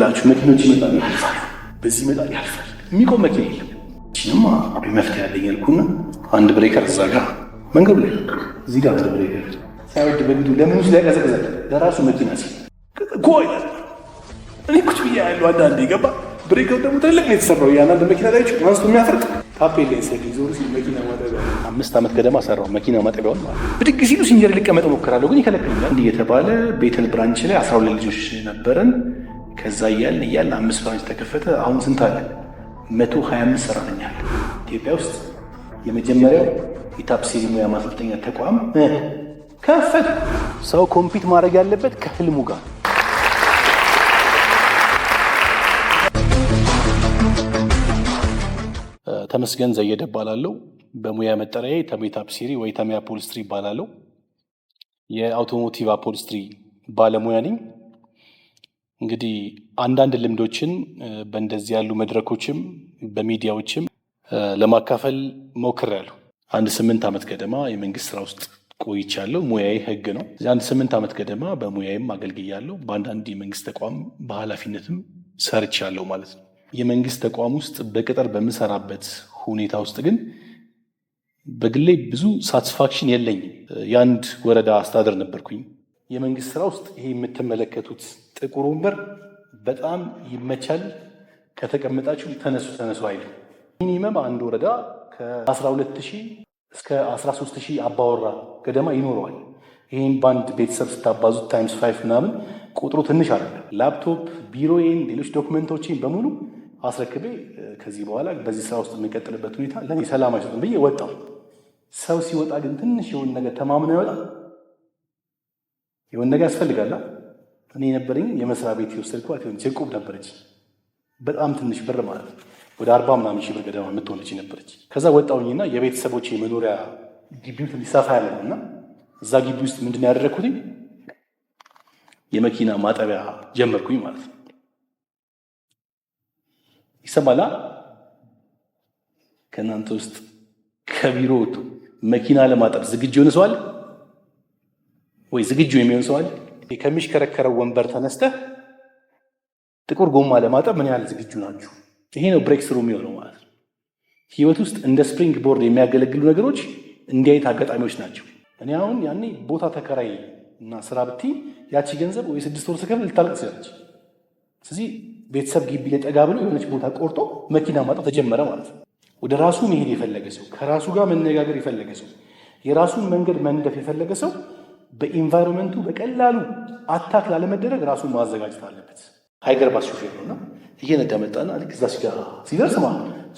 ሁላችሁ መኪኖች ይመጣሉ ያልፋል፣ በዚህ ይመጣል ያልፋል። የሚቆም መኪና የለም። እችንማ መፍትሄ ያለኝ ያልኩና አንድ ብሬከር እዛ ጋር መንገዱ ላይ እዚህ ጋር አንድ ብሬከር ሳይወድ በግዱ ለምኑ ላይ ቀዘቅዛል። ለራሱ መኪና ሲል ኮይ እኔ ቁጭ ብዬ ያለው አንዳንድ የገባ ብሬከር ደግሞ ትልቅ ነው የተሰራው። እያንዳንድ መኪና ላይ አንስቶ የሚያፈርቅ ታፔል አምስት ዓመት ገደማ ሰራው መኪና ማጠቢያውን ማለት ብድግ ሲሉ ሲንጀር ሊቀመጥ ሞክራለሁ፣ ግን ይከለክልኛል። እንዲህ የተባለ ቤተል ብራንች ላይ አስራ ሁለት ልጆች ነበረን ከዛ እያልን እያልን አምስት ብራንች ተከፈተ። አሁን ስንት አለ? መቶ ሀያ አምስት ሰራተኛ አለ ኢትዮጵያ ውስጥ። የመጀመሪያው የታፕሴሪ ሙያ ማሰልጠኛ ተቋም ከፈት። ሰው ኮምፒት ማድረግ ያለበት ከህልሙ ጋር ተመስገን ዘየደ እባላለሁ። በሙያ መጠሪያ ተሜ ታፕሴሪ ወይ ተሜ አፖልስትሪ እባላለሁ። የአውቶሞቲቭ አፖልስትሪ ባለሙያ ነኝ። እንግዲህ አንዳንድ ልምዶችን በእንደዚህ ያሉ መድረኮችም በሚዲያዎችም ለማካፈል ሞክሬያለሁ። አንድ ስምንት ዓመት ገደማ የመንግስት ስራ ውስጥ ቆይቻለሁ። ሙያዬ ህግ ነው። አንድ ስምንት ዓመት ገደማ በሙያዬም አገልግያለሁ። በአንዳንድ የመንግስት ተቋም በኃላፊነትም ሰርቻለሁ ማለት ነው። የመንግስት ተቋም ውስጥ በቅጥር በምሰራበት ሁኔታ ውስጥ ግን በግሌ ብዙ ሳቲስፋክሽን የለኝም። የአንድ ወረዳ አስተዳደር ነበርኩኝ የመንግስት ስራ ውስጥ ይሄ የምትመለከቱት ጥቁር ወንበር በጣም ይመቻል። ከተቀመጣችሁ ተነሱ ተነሱ አይልም። ሚኒመም አንድ ወረዳ ከ12 ሺህ እስከ 13 ሺህ አባወራ ገደማ ይኖረዋል። ይህን በአንድ ቤተሰብ ስታባዙት ታይምስ ፋይቭ ምናምን ቁጥሩ ትንሽ አለ። ላፕቶፕ፣ ቢሮዬን፣ ሌሎች ዶክመንቶችን በሙሉ አስረክቤ ከዚህ በኋላ በዚህ ስራ ውስጥ የሚቀጥልበት ሁኔታ ለእኔ ሰላም አይሰጥም ብዬ ወጣው። ሰው ሲወጣ ግን ትንሽ የሆነ ነገር ተማምኖ ይወጣል። የሆነ ነገር ያስፈልጋል። እኔ የነበረኝ የመስሪያ ቤት የወሰድኳት የሆነች ዕቁብ ነበረች። በጣም ትንሽ ብር ማለት ወደ አርባ ምናምን ሺህ ብር ገደማ የምትሆነች ነበረች። ከዛ ወጣውኝና የቤተሰቦች የመኖሪያ ግቢው ሊሰፋ ያለ እና እዛ ግቢ ውስጥ ምንድን ያደረግኩትኝ የመኪና ማጠቢያ ጀመርኩኝ ማለት ነው። ይሰማላ ከእናንተ ውስጥ ከቢሮ መኪና ለማጠብ ዝግጅ የሆነ ሰው አለ? ወይ ዝግጁ የሚሆን ሰው አለ? ከሚሽከረከረው ወንበር ተነስተህ ጥቁር ጎማ ለማጠብ ምን ያህል ዝግጁ ናችሁ? ይሄ ነው ብሬክ ስሩ የሚሆነው ማለት ነው። ህይወት ውስጥ እንደ ስፕሪንግ ቦርድ የሚያገለግሉ ነገሮች እንዲህ አይነት አጋጣሚዎች ናቸው። እኔ አሁን ያኔ ቦታ ተከራይ እና ስራ ብቲ ያቺ ገንዘብ ወይ ስድስት ወር ስከፍል ልታልቅ ስላለች፣ ስለዚህ ቤተሰብ ግቢ ጠጋ ብሎ የሆነች ቦታ ቆርጦ መኪና ማጣት ተጀመረ ማለት ነው። ወደ ራሱ መሄድ የፈለገ ሰው፣ ከራሱ ጋር መነጋገር የፈለገ ሰው፣ የራሱን መንገድ መንደፍ የፈለገ ሰው በኢንቫይሮንመንቱ በቀላሉ አታክ ላለመደረግ ራሱን ማዘጋጀት አለበት። ሃይገርባስ ሹፌር ነውና እየነዳ መጣና ልክ እዛ ሲጋ ሲደርስ ማ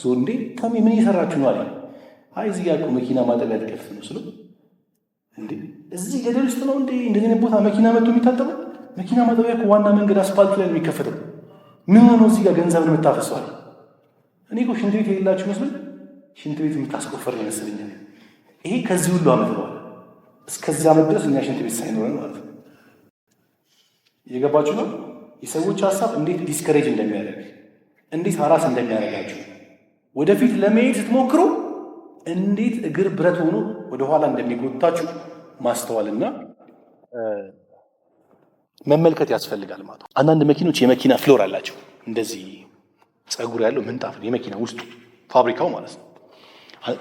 ዞር እንዴ ታሚ ምን እየሰራችሁ ነው አለ። አይ እዚህ ጋር መኪና ማጠቢያ ሊከፍት ነው ስለው፣ እንዴ እዚህ ገደል ውስጥ ነው እንዴ እንደዚህ ቦታ መኪና መጥቶ የሚታጠበው? መኪና ማጠቢያ ዋና መንገድ አስፋልት ላይ ነው የሚከፈተው። ምን ሆኖ እዚህ ጋር ገንዘብን የምታፈሰዋል? እኔ እኮ ሽንት ቤት የሌላችሁ መስሎኝ ሽንት ቤት የምታስቆፈር ይመስለኛል። ይሄ ከዚህ ሁሉ አመት እስከዛ መድረስ እኛ ሽንት ቤት ሳይኖረን ማለት ነው። እየገባችሁ ነው? የሰዎች ሀሳብ እንዴት ዲስከሬጅ እንደሚያደርግ እንዴት አራስ እንደሚያደርጋችሁ ወደፊት ለመሄድ ስትሞክሩ እንዴት እግር ብረት ሆኖ ወደኋላ እንደሚጎታችሁ ማስተዋልና መመልከት ያስፈልጋል ማለት ነው። አንዳንድ መኪኖች የመኪና ፍሎር አላቸው። እንደዚህ ጸጉር ያለው ምንጣፍ ነው የመኪና ውስጡ ፋብሪካው ማለት ነው።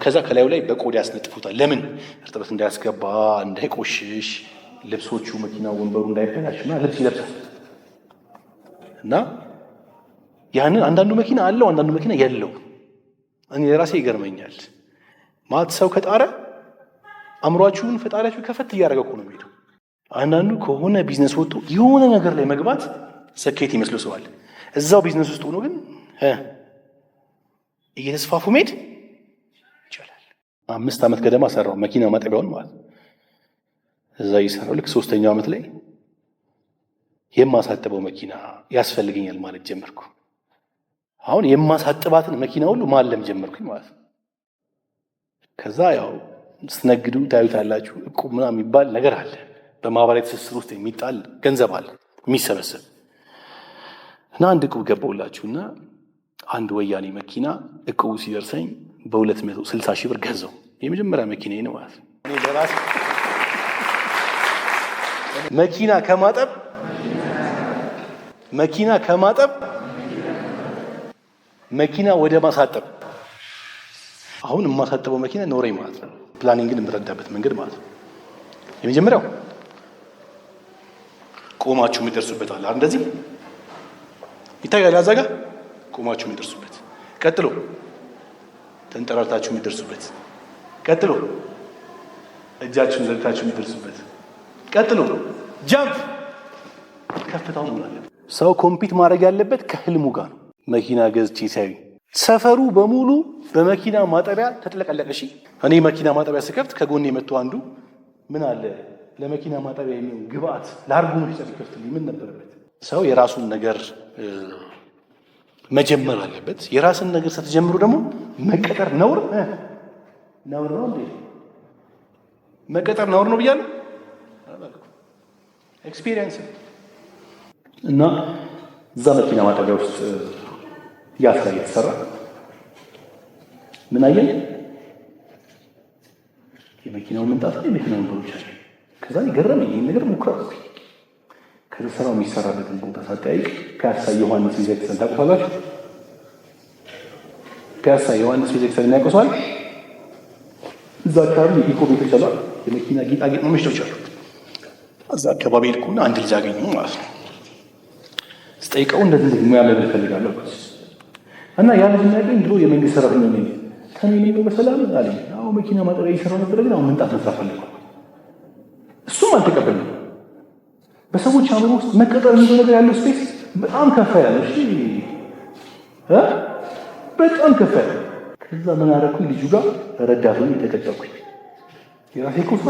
ከዛ ከላዩ ላይ በቆዳ ያስነጥፉታል። ለምን እርጥበት እንዳያስገባ እንዳይቆሽሽ፣ ልብሶቹ፣ መኪና፣ ወንበሩ እንዳይበላሽ እና ልብስ ይለብሳል እና ያንን አንዳንዱ መኪና አለው፣ አንዳንዱ መኪና የለው። እኔ ለራሴ ይገርመኛል። ማለት ሰው ከጣረ አእምሯችሁን ፈጣሪያችሁ ከፈት እያደረገ እኮ ነው የሚሄደው። አንዳንዱ ከሆነ ቢዝነስ ወጥቶ የሆነ ነገር ላይ መግባት ስኬት ይመስለው ሰዋል። እዛው ቢዝነስ ውስጥ ሆኖ ግን እየተስፋፉ መሄድ አምስት ዓመት ገደማ ሰራው መኪና ማጠቢያውን ማለት ነው። እዛ እየሰራው ልክ ሶስተኛው ዓመት ላይ የማሳጥበው መኪና ያስፈልገኛል ማለት ጀመርኩ። አሁን የማሳጥባትን መኪና ሁሉ ማለም ጀመርኩኝ ማለት ነው። ከዛ ያው ስነግዱ ታዩታላችሁ። እቁብ ምናምን የሚባል ነገር አለ። በማህበራዊ ትስስር ውስጥ የሚጣል ገንዘብ አለ የሚሰበሰብ እና አንድ እቁብ ገባውላችሁና አንድ ወያኔ መኪና እቁቡ ሲደርሰኝ በ260 ሺህ ብር ገዛው። የመጀመሪያ መኪና ነው ማለት ነው። መኪና ከማጠብ መኪና ከማጠብ መኪና ወደ ማሳጠብ አሁን የማሳጠበው መኪና ኖረኝ ማለት ነው። ፕላኒንግን የምረዳበት መንገድ ማለት ነው። የመጀመሪያው ቆማችሁ የሚደርሱበት አለ። እንደዚህ ይታያል፣ አዛጋ ቆማችሁ የሚደርሱበት ቀጥሎ ተንጠራርታችሁ የሚደርሱበት፣ ቀጥሎ እጃችሁን ዘግታችሁ የሚደርሱበት፣ ቀጥሎ ጃምፕ ከፍታው ሆናለን። ሰው ኮምፒት ማድረግ ያለበት ከህልሙ ጋር ነው። መኪና ገዝቼ ሲያዩ ሰፈሩ በሙሉ በመኪና ማጠቢያ ተጥለቀለቀ። እሺ እኔ መኪና ማጠቢያ ስከፍት ከጎን የመጡ አንዱ ምን አለ ለመኪና ማጠቢያ የሚሆን ግብአት ለአርጎኖች ጸድ ከፍት ምን ነበረበት ሰው የራሱን ነገር መጀመር አለበት። የራስን ነገር ስትጀምሩ ደግሞ መቀጠር ነውር ነውር ነው እንዴ? መቀጠር ነውር ነው ብያለሁ። ኤክስፒሪየንስ እና እዛ መኪና ማጠቢያ ውስጥ ያፍታ እየተሰራ ምን አየን? የመኪናውን ምንጣፍ፣ የመኪናውን በሮች። ከዛ ገረመኝ። ይህን ነገር ሙክራ ስራው የሚሰራበትን ቦታ ሳጠያይቅ ፒያሳ ዮሐንስ ሪጀክሰን ታውቁታላችሁ? ፒያሳ ዮሐንስ ሪጀክሰን የሚያውቀሷል። እዛ አካባቢ ኢኮ ቤቶች አሉ፣ የመኪና ጌጣጌጥ መሸጫዎች አሉ። እዛ አካባቢ አንድ ልጅ አገኙ ማለት ነው። ስጠይቀው እንደዚህ ሙያ መብል እፈልጋለሁ እና ያ ልጅ የሚያገኝ ድሮ የመንግስት ሰራተኛ ነው። ተኔ የሚለው በሰላም አለኝ። አዎ መኪና ማጠሪያ ይሰራ ነበረ፣ ግን አሁን ምንጣፍ መስራት ፈልጓል። እሱም በሰዎች አእምሮ ውስጥ መቀጠር የሚለው ነገር ያለው ስፔስ በጣም ከፍ ያለ እሺ፣ በጣም ከፍ ያለ። ከዛ ምን አደረኩኝ? ልጁ ጋር ረዳቱን የተቀጠርኩኝ የራሴ ቁፋ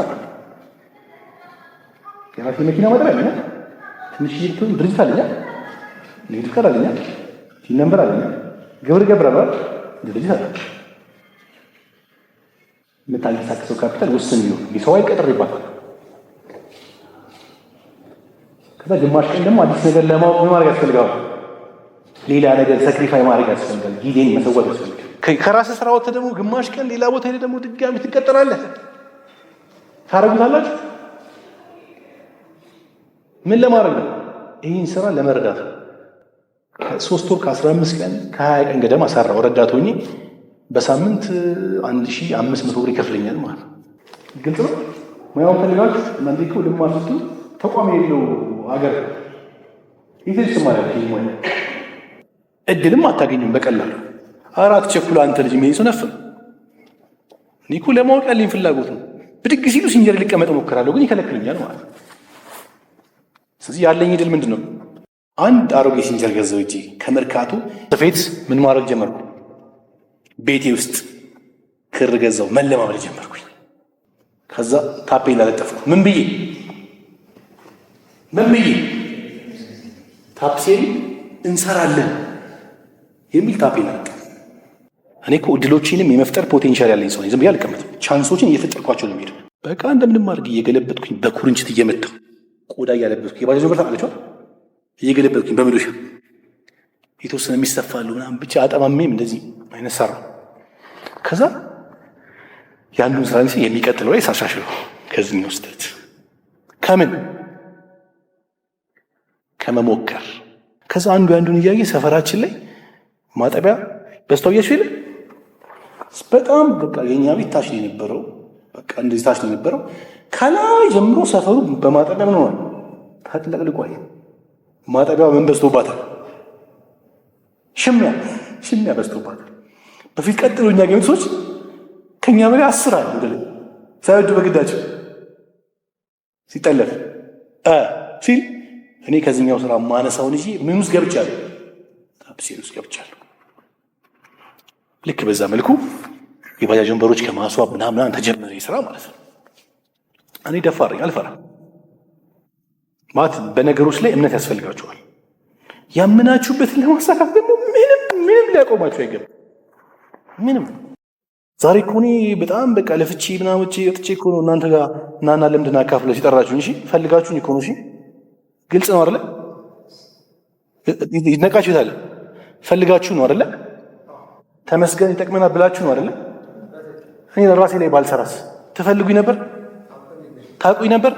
የራሴ መኪና ማጠሪያ ምን ትንሽ ይልቱን ድርጅት አለኛ ንግድ ፍቃድ አለኛ ነንበር አለኛ ግብር ገብረ በር ድርጅት አለ። የምታንቀሳቀሰው ካፒታል ውስን ይሁን ሊሰው አይቀጥር ይባላል ከዛ ግማሽ ቀን ደግሞ አዲስ ነገር ለማወቅ ምን ማድረግ ያስፈልጋል። ሌላ ነገር ሰክሪፋይ ማድረግ ያስፈልጋል። ጊዜን መሰወት ያስፈልጋል። ከራስ ስራ ወጥተህ ደግሞ ግማሽ ቀን ሌላ ቦታ ሄደህ ደግሞ ድጋሚ ትቀጠራለህ። ታደርጉታላችሁ። ምን ለማድረግ ነው? ይህን ስራ ለመረዳት ሶስት ወር ከአስራ አምስት ቀን ከሀያ ቀን ገደማ ሰራው። ረዳት ሆኜ በሳምንት አንድ ሺህ አምስት መቶ ብር ይከፍለኛል ማለት ነው። ግልጽ ነው። ሙያውን ፈልጋችሁ እናንተ እኮ ልማት ተቋም የለው ሀገር ይህስ ማለት እድልም አታገኝም በቀላሉ አራት ቸኩል አንተ ልጅ መሄድ ሰው እኔ እኮ ለማወቅ ያለኝ ፍላጎት ነው። ብድግ ሲሉ ሲንጀር ሊቀመጥ ሞክራለሁ፣ ግን ይከለክልኛል ማለት ስለዚህ ያለኝ እድል ምንድን ነው? አንድ አሮጌ ሲንጀር ገዛው ውጪ ከመርካቱ ስፌት ምን ማድረግ ጀመርኩ። ቤቴ ውስጥ ክር ገዛው መለማመድ ጀመርኩኝ። ከዛ ታፔ ላለጠፍኩ ምን ብዬ መምዬ ታፕሴን እንሰራለን የሚል ታፔን አቅ እኔ እኮ እድሎችንም የመፍጠር ፖቴንሻል ያለኝ ሰው ዝም ብዬ አልቀመጥም። ቻንሶችን እየፈጠርኳቸው ነው የሚሄድ በቃ እንደምንም አድርግ እየገለበጥኩኝ በኩርንችት እየመታሁ ቆዳ እያለበጥኩ የባጃጅ ነበር ታውቃለችዋል እየገለበጥኩኝ በምዶሻ የተወሰነ የሚሰፋሉ ምናምን ብቻ አጠማሜም እንደዚህ አይነት ሰራ። ከዛ ያንዱን ስራ የሚቀጥለው ላይ ሳሻሽለው ከዚህ ወስደት ከምን ከመሞከር ከዛ አንዱ አንዱን እያየ ሰፈራችን ላይ ማጠቢያ በስታውያችሁ የለ በጣም በቃ የኛ ቤት ታች ነው የነበረው። በቃ እንደዚህ ታች ነው የነበረው። ከላይ ጀምሮ ሰፈሩ በማጠቢያ ምን ሆኗል? ተጥለቅልቋል። ማጠቢያ ምን በስቶባታል? ሽሚያ ሽሚያ በስቶባታል። በፊት ቀጥሎ እኛ ገሚት ሰዎች ከእኛ በላይ አስር አለ እንደ ሳይወዱ በግዳቸው ሲጠለፍ ሲል እኔ ከዚህኛው ስራ ማነሳውን እ ምን ውስጥ ገብቻለሁ፣ ታፕሴል ውስጥ ገብቻለሁ። ልክ በዛ መልኩ የባጃጅ ወንበሮች ከማስዋብ ምናምን ተጀመረ ስራ ማለት ነው። እኔ ደፋር አልፈራ ማለት በነገሮች ላይ እምነት ያስፈልጋቸዋል። ያምናችሁበትን ለማሳካት ደግሞ ምንም ምንም ሊያቆማቸው አይገባም። ምንም ዛሬ እኮ እኔ በጣም በቃ ለፍቼ ምናምቼ ወጥቼ እኮ ነው እናንተ ጋር እናና ለምድና አካፍለ ሲጠራችሁ እንጂ ፈልጋችሁን እኮ ነው ግልጽ ነው አይደለ? ይነቃችሁ የታለ? ፈልጋችሁ ነው አይደለ? ተመስገን ይጠቅመናል ብላችሁ ነው አይደለ? እኔ ለራሴ ላይ ባልሰራስ ትፈልጉኝ ነበር? ታውቁኝ ነበር?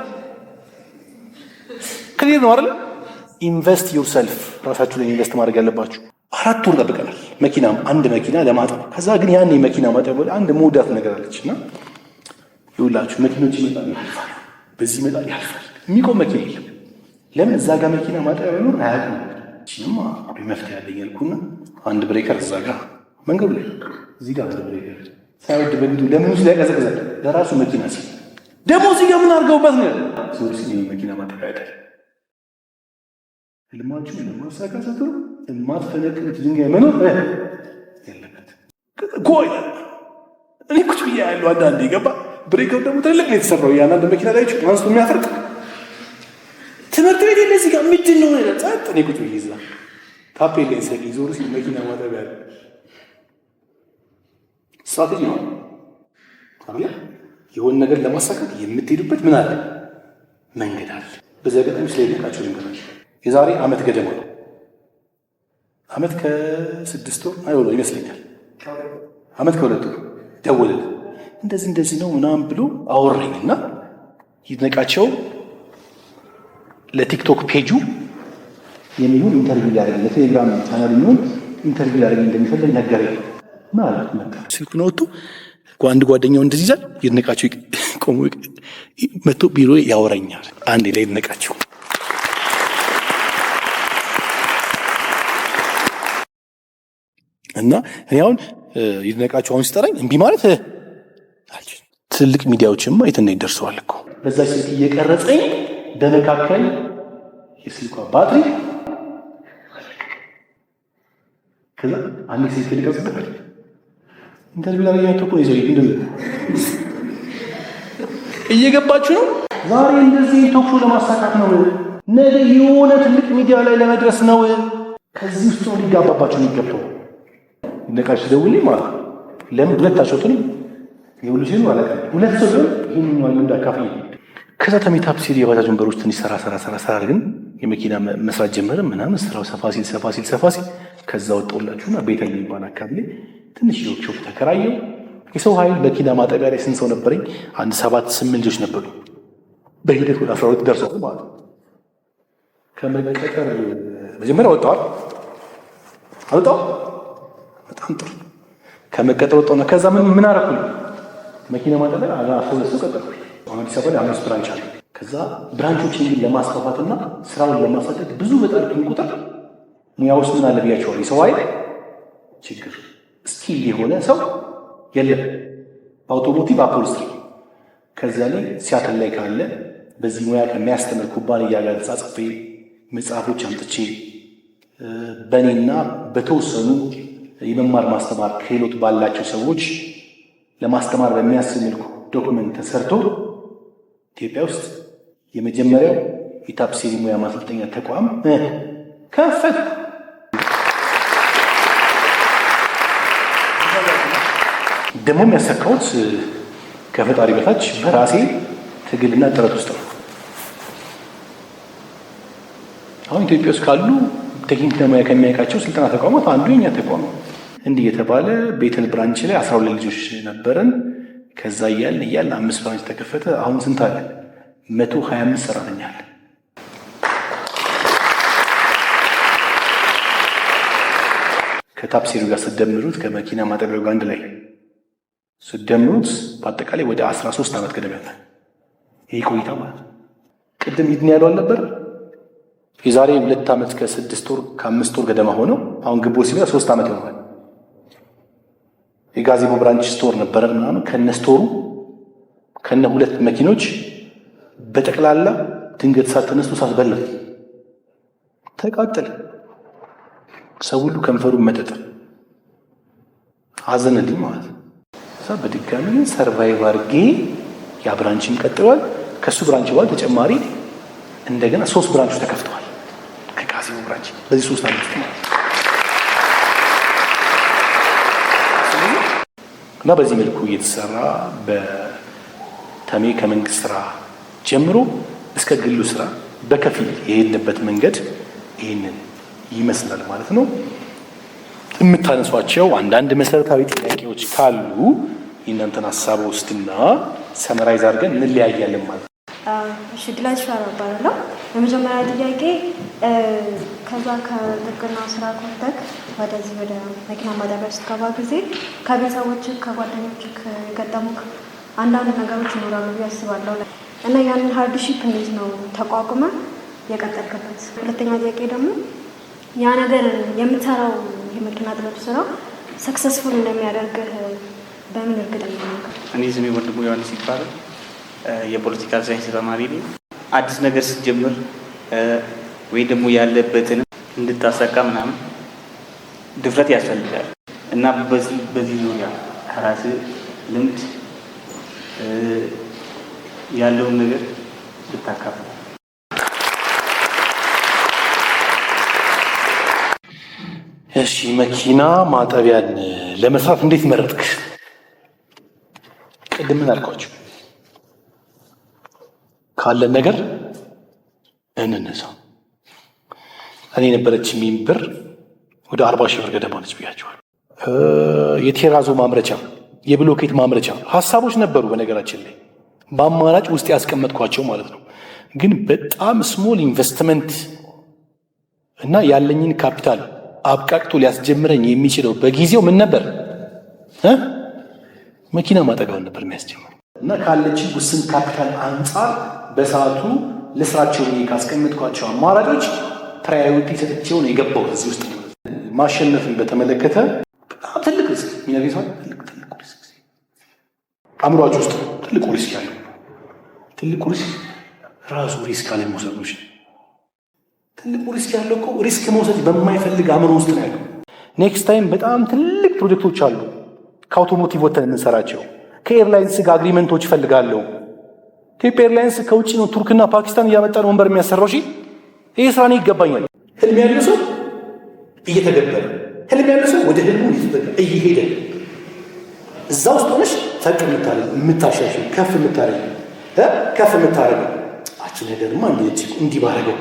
ክሊር ነው አይደለ? ኢንቨስት ዩርሰልፍ ራሳችሁ ላይ ኢንቨስት ማድረግ ያለባችሁ። አራት ወር ጠብቀናል መኪናም አንድ መኪና ለማጠብ። ከዛ ግን ያን መኪና ማጠብ አንድ መውዳት ነገር አለች እና ይውላችሁ መኪኖች ይመጣል ያልፋል፣ በዚህ ይመጣል ያልፋል፣ የሚቆም መኪና የለም ለምን እዛ ጋር መኪና ማጠቢያ መኖር አያውቅም። እሱንም መፍትሄ ያለኝ ያልኩና አንድ ብሬከር እዛ ጋር መንገዱ ላይ እዚህ ጋር አንድ ብሬከር ሳይወድ በግዱ ለምን ላይ ቀዘቅዛል። ለራሱ መኪና ሲል ደግሞ እዚህ ጋር ምን አድርገውበት ነው ሶርስ መኪና ማጠቢያ አይደል። ህልማችሁ ለማሳካት ስትሉ የማትፈነቅሉት ድንጋይ መኖር ያለበት ኮይ እኔ ቁጭ ብያ ያለው አንዳንድ የገባ ብሬከር ደግሞ ትልቅ ነው የተሰራው። እያንዳንድ መኪና ላይ አንስቶ የሚያፈርቅ ተጠምጄ ነው ይላል። ጸጥ ነው ቁጭ ብዬ እዛ ታፔል ላይ ሰ ዞሩ ሲል መኪና ማጠቢያ ያለ ስትራቴጂ ነው አለ። የሆነ ነገር ለማሳካት የምትሄዱበት ምን አለ መንገድ አለ። በዚህ አጋጣሚ ስለነቃቸው ልንገራቸው። የዛሬ አመት ገደማ ነው ዓመት ከስድስት ወር አይሆነ ይመስለኛል አመት ከሁለት ወር ደወለል እንደዚህ እንደዚህ ነው ምናምን ብሎ አወራኝና ይነቃቸው ለቲክቶክ ፔጁ የሚሆን ኢንተርቪው ሊያደርግ ለቴሌግራም ቻናል የሚሆን ኢንተርቪው ሊያደርግ እንደሚፈልግ ነገር ማለት መጣ። ነው ወጥቶ አንድ ጓደኛው እንደዚህ ይዛል። ይነቃቸው ቆሞ መቶ ቢሮ ያወራኛል። አንድ ላይ ይነቃቸው እና እኔ አሁን ይድነቃቸው አሁን ሲጠራኝ እምቢ ማለት ትልቅ ሚዲያዎችማ የት እና ይደርሰዋል እኮ በዛ ስልክ እየቀረጸኝ በመካከል የስልኳ ባትሪ ከዛ አንድ ስልክ ልቀጽበት ኢንተርቪው ላይ ያቶ እኮ ይዘው እንደዚህ እየገባችሁ ነው። ዛሬ እንደዚህ ቶክሾ ለማሳካት ነው፣ ነገ የሆነ ትልቅ ሚዲያ ላይ ለመድረስ ነው። ከዚህ ውስጥ ነው ሊጋባባችሁ የሚገባው። ነቃሽ ደውል ማለት ለምን ሁለት አሾቱን የሁሉ ሲሉ አለቀ ሁለት ሰው ይህን ነው እንዳካፍል ከዛ ተሜታፕ ሲል የባጃጅ ወንበሮች ትንሽ ሰራ ሰራ ሰራ ሰራ ግን የመኪና መስራት ጀመረ ምናምን ስራው ሰፋ ሲል ሰፋ ሲል ሰፋ ሲል ከዛ ወጣሁላችሁና ቤተል የሚባል አካባቢ ላይ ትንሽ ወርክሾፕ ተከራየው። የሰው ኃይል መኪና ማጠቢያ ላይ ስንት ሰው ነበረኝ? አንድ ሰባት ስምንት ልጆች ነበሩ። በሂደት ወደ አስራ ሁለት ደርሷል ማለት ነው። ከመቀጠር መጀመሪያ ወጣዋል አልወጣው በጣም ጥሩ ከመቀጠር ወጣውና ከዛ ምን ምን አረኩኝ መኪና ማጠቢያ አስራ ሁለት ሰው ቀጠርኩኝ አዲስ አበባ ላይ አምስት ብራንች አለ። ከዛ ብራንቾችን ግን ለማስፋፋትና ስራውን ለማሳደግ ብዙ በጣልኩኝ ቁጥር ሙያ ውስጥ ምን አለ ብያቸዋል። የሰው ኃይል ችግር ስኪል የሆነ ሰው የለም። በአውቶሞቲቭ አፖልስትሪ ከዛ ላይ ሲያትል ላይ ካለ በዚህ ሙያ ከሚያስተምር ኩባንያ ጋር ተጻጽፌ መጽሐፎች አምጥቼ በእኔና በተወሰኑ የመማር ማስተማር ክህሎት ባላቸው ሰዎች ለማስተማር በሚያስብ መልኩ ዶክመንት ተሰርቶ ኢትዮጵያ ውስጥ የመጀመሪያው የታፕሴሪ ሙያ ማሰልጠኛ ተቋም ከፈት ደግሞ የሚያሳካሁት ከፈጣሪ በታች በራሴ ትግልና ጥረት ውስጥ ነው። አሁን ኢትዮጵያ ውስጥ ካሉ ቴክኒክና ሙያ ከሚያውቃቸው ስልጠና ተቋማት አንዱ የኛ ተቋም ነው። እንዲህ የተባለ ቤተል ብራንች ላይ አስራ ሁለት ልጆች ነበረን። ከዛ እያልን እያልን አምስት ብራንች ተከፈተ። አሁን ስንት አለ? መቶ ሀያ አምስት ሰራተኛ አለ። ከታፕሲሩ ጋር ስደምሩት ከመኪና ማጠቢያ ጋር አንድ ላይ ስደምሩት በአጠቃላይ ወደ 13 ዓመት ገደማ ያለ ይህ ቆይታ ማለት ቅድም ይድን ያለው አልነበር? የዛሬ ሁለት ዓመት ከስድስት ወር ከአምስት ወር ገደማ ሆነው አሁን ግቦ ሲመጣ ሶስት ዓመት ይሆናል። የጋዜቦ ብራንች ስቶር ነበረ ምናምን ከነ ስቶሩ ከነ ሁለት መኪኖች በጠቅላላ ድንገት እሳት ተነስቶ እሳት በላ፣ ተቃጠለ። ሰው ሁሉ ከንፈሩ መጠጥ አዘነልኝ ማለት ነው። በድጋሚ ሰርቫይቭ አድርጌ ያ ብራንችን ቀጥሏል። ከእሱ ብራንች በኋላ ተጨማሪ እንደገና ሶስት ብራንቹ ተከፍተዋል። ከጋዜቦ ብራንች በዚህ ሶስት ዓመት እና በዚህ መልኩ እየተሰራ በተሜ ከመንግስት ስራ ጀምሮ እስከ ግሉ ስራ በከፊል የሄድንበት መንገድ ይህንን ይመስላል ማለት ነው። የምታነሷቸው አንዳንድ መሰረታዊ ጥያቄዎች ካሉ የእናንተን ሀሳብ ውስድና ሰመራይዝ አድርገን እንለያያለን ማለት ነው። እሺ ሻራ እባላለሁ። የመጀመሪያ ጥያቄ ከዛ ከጥብቅና ስራ ቆርጠህ ወደዚህ ወደ መኪና ማጠቢያ ስትገባ ጊዜ ከቤተሰቦችህ ከጓደኞች የገጠሙህ አንዳንድ ነገሮች ይኖራሉ ብዬ እና ያንን ሃርድሺፕ እንዴት ነው ተቋቁመ የቀጠልክበት? ሁለተኛ ጥያቄ ደግሞ ያ ነገር የምትሰራው የመኪና ጥበብ ስራ ሰክሰስፉል እንደሚያደርግህ በምን እርግጠኛ ነው? እኔ ስሜ ወንድሙ ዮሐንስ ይባላል። የፖለቲካ ሳይንስ ተማሪ ነኝ። አዲስ ነገር ስትጀምር ወይ ደግሞ ያለበትን እንድታሳካ ምናምን ድፍረት ያስፈልጋል እና በዚህ ዙሪያ ከራስ ልምድ ያለውን ነገር ብታካፍል እሺ መኪና ማጠቢያን ለመስራት እንዴት መረጥክ? ቅድም ምን ካለን ነገር እንነሳ። እኔ የነበረች ሚንብር ወደ አርባ ሺህ ብር ገደማ ነች ብያቸዋል። የቴራዞ ማምረቻ፣ የብሎኬት ማምረቻ ሀሳቦች ነበሩ። በነገራችን ላይ በአማራጭ ውስጥ ያስቀመጥኳቸው ማለት ነው። ግን በጣም ስሞል ኢንቨስትመንት እና ያለኝን ካፒታል አብቃቅቶ ሊያስጀምረኝ የሚችለው በጊዜው ምን ነበር? መኪና ማጠጋውን ነበር የሚያስጀምር እና ካለችን ውስን ካፒታል አንጻር በሰዓቱ ልስራቸው ብዬ ካስቀመጥኳቸው አማራጮች ፕራዮሪቲ ሰጥቼው ነው የገባው እዚህ ውስጥ። ማሸነፍን በተመለከተ በጣም ትልቅ ሪስክ ሚነቤቷ ትልቅ ትልቅ ሪስክ አእምሯችሁ ውስጥ ትልቁ ሪስክ ያለው ትልቁ ሪስክ ራሱ ሪስክ አለመውሰዶች ትልቁ ሪስክ ያለው እኮ ሪስክ መውሰድ በማይፈልግ አእምሮ ውስጥ ነው ያለው። ኔክስት ታይም በጣም ትልቅ ፕሮጀክቶች አሉ ከአውቶሞቲቭ ወተን የምንሰራቸው ከኤርላይንስ ጋር አግሪመንቶች እፈልጋለሁ። ቴፕ ኤርላይንስ ከውጭ ነው ቱርክና ፓኪስታን እያመጣን ወንበር የሚያሰራው። እሺ ይህ ስራ እኔ ይገባኛል። ህልም ያለው ሰው እየተገበረ ህልም ያለው ሰው ወደ ህልሙ እየሄደ እዛ ውስጥ ሆነሽ ፈቅ የምታደርግ የምታሻሽ ከፍ የምታደርግ ከፍ የምታደርግ አቺ ነገርማ እንዲህ ባደረገው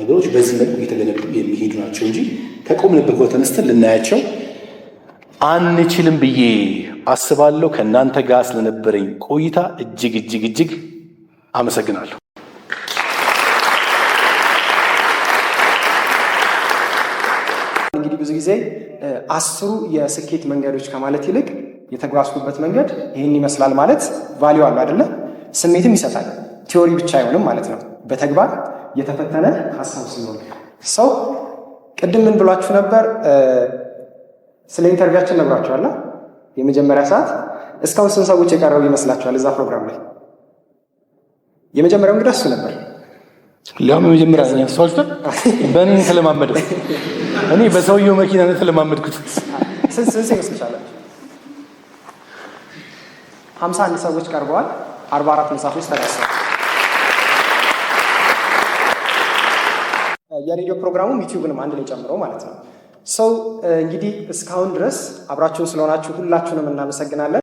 ነገሮች በዚህ መልኩ እየተገነቡ የሚሄዱ ናቸው እንጂ ከቆምንበት ቦታ ተነስተን ልናያቸው አንችልም ብዬ አስባለሁ። ከእናንተ ጋር ስለነበረኝ ቆይታ እጅግ እጅግ እጅግ አመሰግናለሁ። እንግዲህ ብዙ ጊዜ አስሩ የስኬት መንገዶች ከማለት ይልቅ የተጓዝኩበት መንገድ ይህን ይመስላል ማለት ቫሊዩ አሉ አይደለ? ስሜትም ይሰጣል። ቲዎሪ ብቻ አይሆንም ማለት ነው። በተግባር የተፈተነ ሀሳብ ሲኖር ሰው ቅድም ምን ብሏችሁ ነበር? ስለ ኢንተርቪያችን ነግሯችኋላ የመጀመሪያ ሰዓት እስካሁን ስንት ሰዎች የቀረቡ ይመስላችኋል? እዛ ፕሮግራም ላይ የመጀመሪያው እንግዳ እሱ ነበር። ሊያውም የመጀመሪያ ሰዋችተን በእኔ ተለማመደ። እኔ በሰውየው መኪና ነው ተለማመድኩት። ስንት ስንት ሀምሳ አንድ ሰዎች ቀርበዋል። አርባ አራት መጽሐፎች ተዳሰዋል። የሬዲዮ ፕሮግራሙም ዩቲዩብንም አንድ ላይ ጨምረው ማለት ነው። ሰው እንግዲህ እስካሁን ድረስ አብራችሁን ስለሆናችሁ ሁላችሁንም እናመሰግናለን።